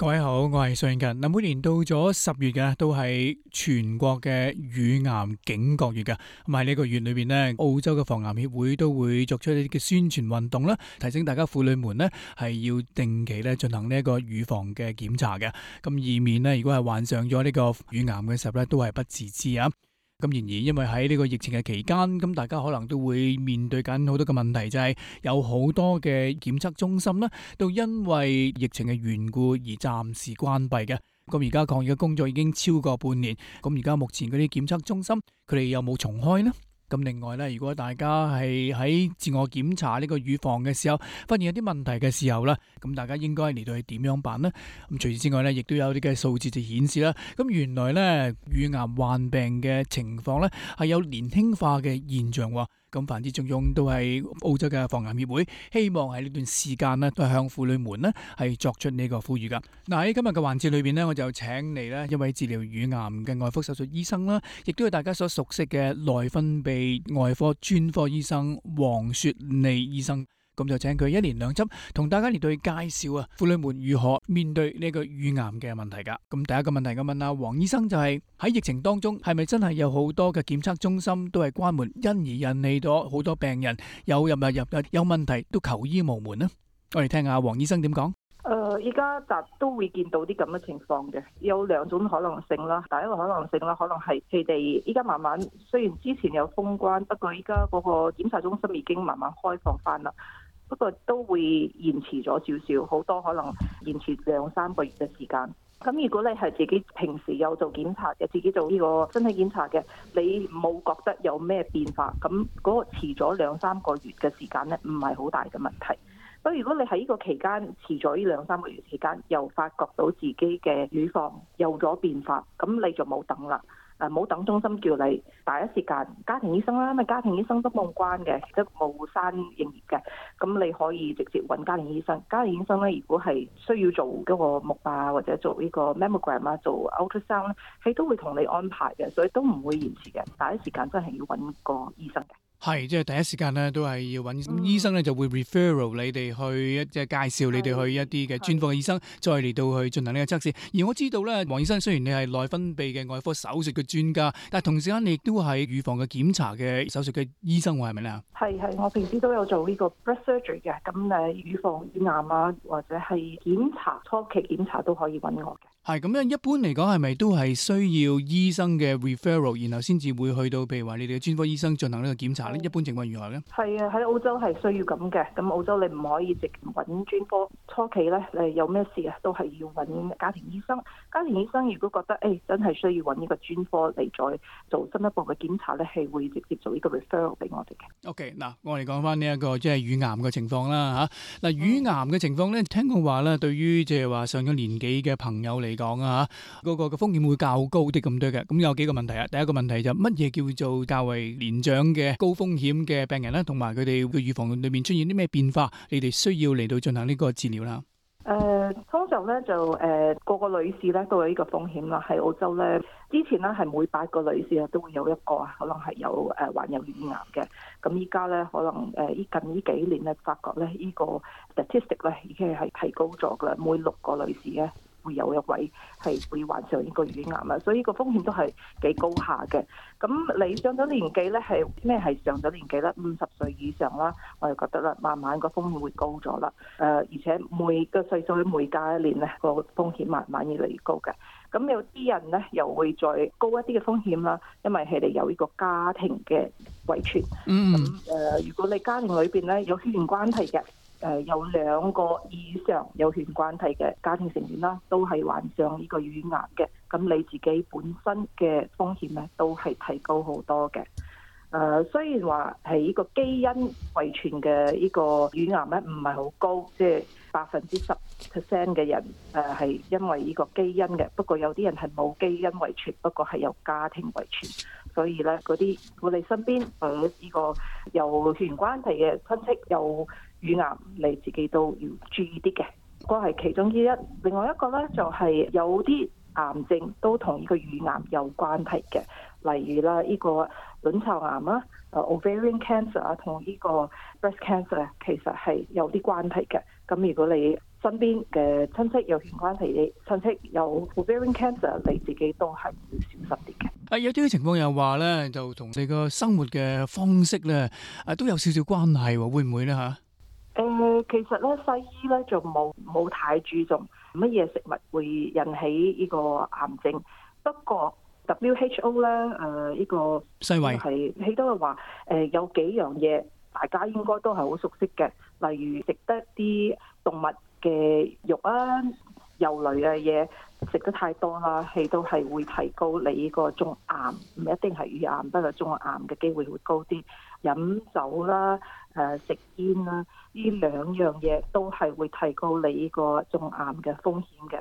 各位好，我係蘇近。嗱，每年到咗十月嘅都係全國嘅乳癌警覺月嘅，咁喺呢個月裏邊咧，澳洲嘅防癌協會都會作出一啲嘅宣傳運動啦，提醒大家婦女們呢係要定期咧進行呢一個乳房嘅檢查嘅，咁以免呢，如果係患上咗呢個乳癌嘅時候咧都係不自知啊。咁然而，因為喺呢個疫情嘅期間，咁大家可能都會面對緊好多嘅問題，就係有好多嘅檢測中心咧，都因為疫情嘅緣故而暫時關閉嘅。咁而家抗疫嘅工作已經超過半年，咁而家目前嗰啲檢測中心，佢哋有冇重開呢？咁另外咧，如果大家係喺自我檢查呢個乳房嘅時候，發現有啲問題嘅時候咧，咁大家應該嚟到去點樣辦呢？咁除此之外咧，亦都有啲嘅數字就顯示啦。咁原來咧，乳癌患病嘅情況咧，係有年輕化嘅現象喎。咁，凡之種種都係澳洲嘅防癌協會，希望喺呢段時間咧，都向婦女們咧係作出呢個呼籲噶。嗱，喺今日嘅環節裏邊咧，我就請嚟咧一位治療乳癌嘅外科手術醫生啦，亦都係大家所熟悉嘅內分泌外科專科醫生黃雪妮醫生。咁就請佢一連兩輯，同大家嚟對介紹啊，婦女們如何面對呢個乳癌嘅問題噶。咁第一個問題我問阿黃、啊、醫生就係喺疫情當中係咪真係有好多嘅檢測中心都係關門，因而引起咗好多病人有入入入有問題都求醫無門呢？我哋聽下阿黃醫生點講。誒，依家集都會見到啲咁嘅情況嘅，有兩種可能性啦。第一個可能性啦，可能係佢哋依家慢慢雖然之前有封關，不過依家嗰個檢測中心已經慢慢開放翻啦。不過都會延遲咗少少，好多可能延遲兩三個月嘅時間。咁如果你係自己平時有做檢查嘅，自己做呢個身體檢查嘅，你冇覺得有咩變化，咁嗰個遲咗兩三個月嘅時間呢，唔係好大嘅問題。不過如果你喺呢個期間遲咗呢兩三個月期間，又發覺到自己嘅乳房有咗變化，咁你就冇等啦。誒，冇等中心叫你第一時間，家庭醫生啦，因為家庭醫生都冇關嘅，即冇閂營業嘅，咁你可以直接揾家庭醫生。家庭醫生咧，如果係需要做嗰個目啊，或者做呢個 mammogram 啊，做 ultrasound 咧，佢都會同你安排嘅，所以都唔會延遲嘅。第一時間真係要揾個醫生嘅。係，即係第一時間咧，都係要揾醫生咧，就會 referral 你哋去一即係介紹你哋去一啲嘅專科醫生，再嚟到去進行呢個測試。而我知道咧，黃醫生，雖然你係內分泌嘅外科手術嘅專家，但係同時間你亦都係預防嘅檢查嘅手術嘅醫生，我係咪咧？係，係，我平時都有做呢個 breast surgery 嘅，咁誒預防乳癌啊，或者係檢查初期檢查都可以揾我嘅。係咁樣，一般嚟講係咪都係需要醫生嘅 referral 然後先至會去到，譬如話你哋嘅專科醫生進行呢個檢查？一般情況如何咧？係啊，喺澳洲係需要咁嘅。咁澳洲你唔可以直接揾專科初期咧，你有咩事啊，都係要揾家庭醫生。家庭醫生如果覺得誒真係需要揾一個專科嚟再做進一步嘅檢查咧，係會直接做呢個 referral 俾我哋嘅。OK，嗱，我哋講返呢一個即係乳癌嘅情況啦嚇。嗱，乳癌嘅情況咧，聽講話咧，對於即係話上咗年紀嘅朋友嚟講啊嚇，嗰個嘅風險會較高啲咁多嘅。咁有幾個問題啊？第一個問題就乜嘢叫做較為年長嘅高？風險嘅病人啦，同埋佢哋嘅預防裏面出現啲咩變化，你哋需要嚟到進行呢個治療啦。誒，通常咧就誒，個個女士咧都有呢個風險啦。喺澳洲咧，之前咧係每八個女士啊都會有一個可能係有誒患有乳癌嘅。咁依家咧可能誒，依近呢幾年咧發覺咧呢個 statistic 咧已經係提高咗噶，每六個女士咧。會有一位係會患上呢個乳癌啦，所以個風險都係幾高下嘅。咁你上咗年紀咧，係咩係上咗年紀咧？五十歲以上啦，我就覺得啦，慢慢個風險會高咗啦。誒、呃，而且每個歲數每隔一年咧，個風險慢慢越嚟越高嘅。咁有啲人咧，又會再高一啲嘅風險啦，因為佢哋有呢個家庭嘅遺傳。嗯。咁、呃、誒，如果你家庭裏邊咧有血緣關係嘅。誒有兩個以上有血緣關係嘅家庭成員啦，都係患上呢個乳癌嘅，咁你自己本身嘅風險咧都係提高好多嘅。誒、呃、雖然話係呢個基因遺傳嘅呢個乳癌咧唔係好高，即係百分之十 percent 嘅人誒係因為呢個基因嘅。不過有啲人係冇基因遺傳，不過係由家庭遺傳，所以咧嗰啲我哋身邊誒呢個有血緣關係嘅親戚又。乳癌你自己都要注意啲嘅，嗰係其中之一。另外一個咧就係有啲癌症都同呢個乳癌有關係嘅，例如啦，呢個卵巢癌啊，誒 ovarian cancer 啊，同呢個 breast cancer 其實係有啲關係嘅。咁如果你身邊嘅親戚有血關係，你親戚有 ovarian cancer，你自己都係要小心啲嘅。誒，有啲情況又話咧，就同你個生活嘅方式咧，誒都有少少關係喎，會唔會咧嚇？誒、呃，其實咧西醫咧就冇冇太注重乜嘢食物會引起呢個癌症。不過 W H O 咧誒呢、呃這個世衛係起到係話誒有幾樣嘢大家應該都係好熟悉嘅，例如食得啲動物嘅肉啊、油類嘅嘢食得太多啦，起到係會提高你呢個中癌，唔一定係乳癌，不過中癌嘅機會會高啲。飲酒啦，誒、呃、食煙啦，呢兩樣嘢都係會提高你個中癌嘅風險嘅。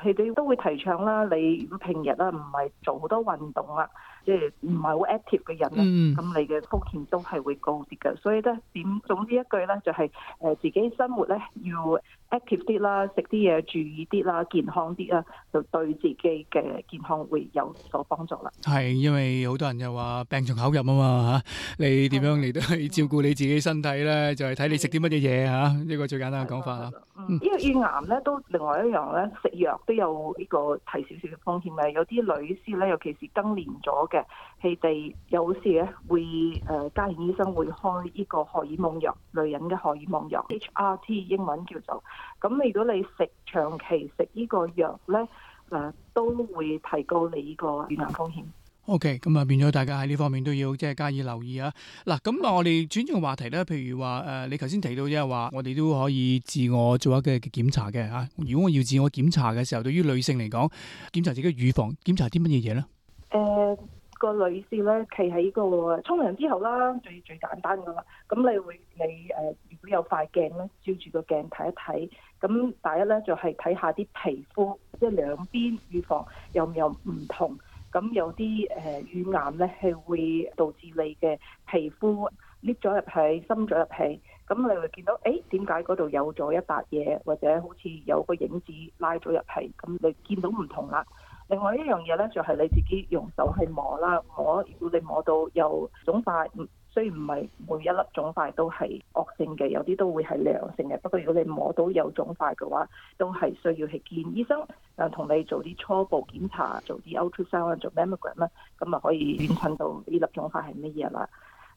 佢哋都會提倡啦，你平日啦唔係做好多運動啊，mm. 即係唔係好 active 嘅人咧，咁你嘅風險都係會高啲嘅。所以咧，點總之一句咧，就係、是、誒自己生活咧要。active 啲啦，食啲嘢注意啲啦，健康啲啦，就對自己嘅健康會有所幫助啦。係，因為好多人又話病從口入啊嘛嚇，你點樣嚟都係照顧你自己身體咧，就係、是、睇你食啲乜嘢嘢嚇。一個最簡單嘅講法嚇。嗯，呢個乳癌咧都另外一樣咧，食藥都有呢個提少少嘅風險嘅。有啲女士咧，尤其是更年咗嘅，佢哋有時咧會誒、呃、家庭醫生會開呢個荷爾蒙藥，女人嘅荷爾蒙藥 HRT，英文叫做。咁如果你食長期食呢個藥咧，誒、呃、都會提高你呢個乳癌風險。O K，咁啊變咗大家喺呢方面都要即係加以留意啊！嗱，咁啊我哋轉轉個話題咧，譬如話誒、呃、你頭先提到即係話我哋都可以自我做一個檢查嘅啊！如果我要自我檢查嘅時候，對於女性嚟講，檢查自己嘅乳房檢查啲乜嘢嘢咧？誒、呃。個女士咧，企喺、這個沖涼之後啦，最最簡單噶啦。咁你會你誒、呃，如果有塊鏡咧，照住個鏡睇一睇。咁第一咧就係、是、睇下啲皮膚，即係兩邊乳房有唔有唔同。咁有啲誒、呃、乳癌咧，係會導致你嘅皮膚裂咗入去、深咗入去。咁你會見到，誒點解嗰度有咗一笪嘢，或者好似有個影子拉咗入去？咁你見到唔同啦。另外一樣嘢咧，就係你自己用手去摸啦，摸如果你摸到有腫塊，雖然唔係每一粒腫塊都係惡性嘅，有啲都會係良性嘅。不過如果你摸到有腫塊嘅話，都係需要去見醫生，誒同你做啲初步檢查，做啲 ultrasound、做 mammogram 啦，咁啊可以檢診到呢粒腫塊係乜嘢啦。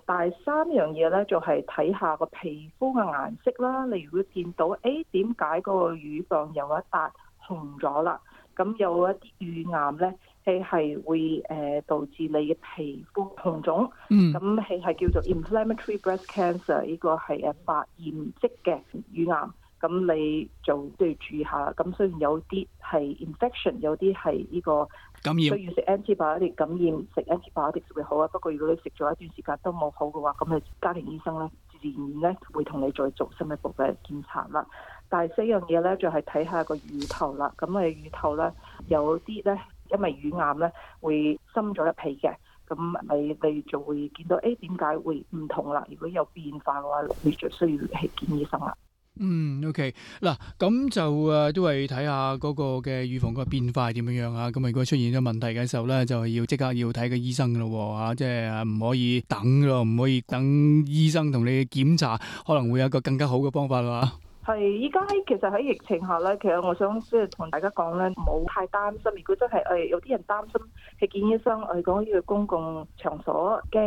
第三樣嘢咧，就係睇下個皮膚嘅顏色啦。你如果見到，誒點解個乳房有一笪紅咗啦？咁有一啲乳癌咧，係係會誒導致你嘅皮膚紅腫。咁係係叫做 inflammatory breast cancer，呢個係誒發炎積嘅乳癌。咁你就都要注意下。咁雖然有啲係 infection，有啲係呢個感染，需要食 antibiotic 感染，食 antibiotic 會好啊。不過如果你食咗一段時間都冇好嘅話，咁你家庭醫生咧自然咧會同你再做進一步嘅檢查啦。第四樣嘢咧，就係、是、睇下個乳頭啦。咁啊，乳頭咧有啲咧，因為乳癌咧會深咗一皮嘅。咁你哋就會見到誒，點解會唔同啦？如果有變化嘅話，你就需要去見醫生啦。嗯，OK，嗱，咁就啊，都係睇下嗰個嘅乳房嗰個變化點樣樣啊。咁如果出現咗問題嘅時候咧，就係要即刻要睇個醫生噶咯喎。吓，即係唔可以等噶，唔可以等醫生同你檢查，可能會有一個更加好嘅方法啊。係，依家喺其實喺疫情下咧，其實我想即係同大家講咧，唔好太擔心。如果真係誒，有啲人擔心。佢見醫生，我哋講呢個公共場所驚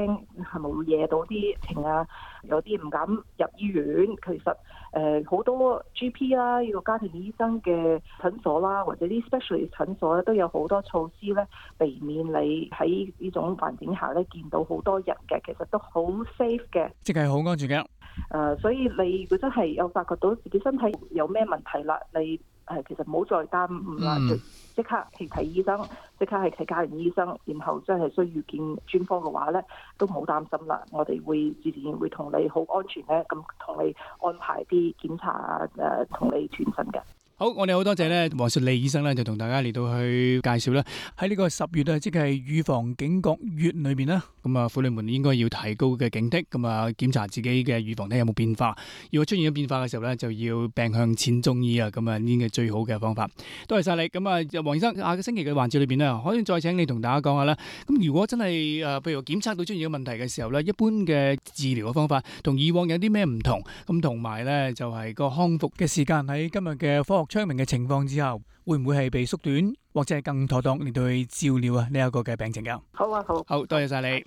係咪會惹到啲情啊？有啲唔敢入醫院。其實誒好、呃、多 GP 啦、啊，呢個家庭醫生嘅診所啦，或者啲 specialist 診所咧，都有好多措施咧，避免你喺呢種環境下咧見到好多人嘅。其實都好 safe 嘅，即係好安全嘅。誒、呃，所以你如果真係有發覺到自己身體有咩問題啦，你。誒，其實唔好再耽誤啦，即刻去睇醫生，即刻去睇家庭醫生，然後真係需要見專科嘅話咧，都唔好擔心啦。我哋會自然會同你好安全咧，咁同你安排啲檢查啊，誒，同你轉診嘅。好，我哋好多謝咧，黃淑麗醫生咧就同大家嚟到去介紹啦。喺呢個十月啊，即係乳癌警覺月裏邊啦，咁啊，婦女們應該要提高嘅警惕，咁啊，檢查自己嘅乳房咧有冇變化。如果出現咗變化嘅時候咧，就要病向淺中醫啊，咁啊呢個最好嘅方法。多謝晒你。咁啊，黃醫生，下個星期嘅環節裏邊呢，可以再請你同大家講下啦。咁如果真係誒，譬如檢測到出現咗問題嘅時候呢，一般嘅治療嘅方法同以往有啲咩唔同？咁同埋咧就係、是、個康復嘅時間喺今日嘅科學，昌明嘅情況之後，會唔會係被縮短，或者係更妥當嚟對照料啊呢個嘅病情？好啊，好。好多謝曬你。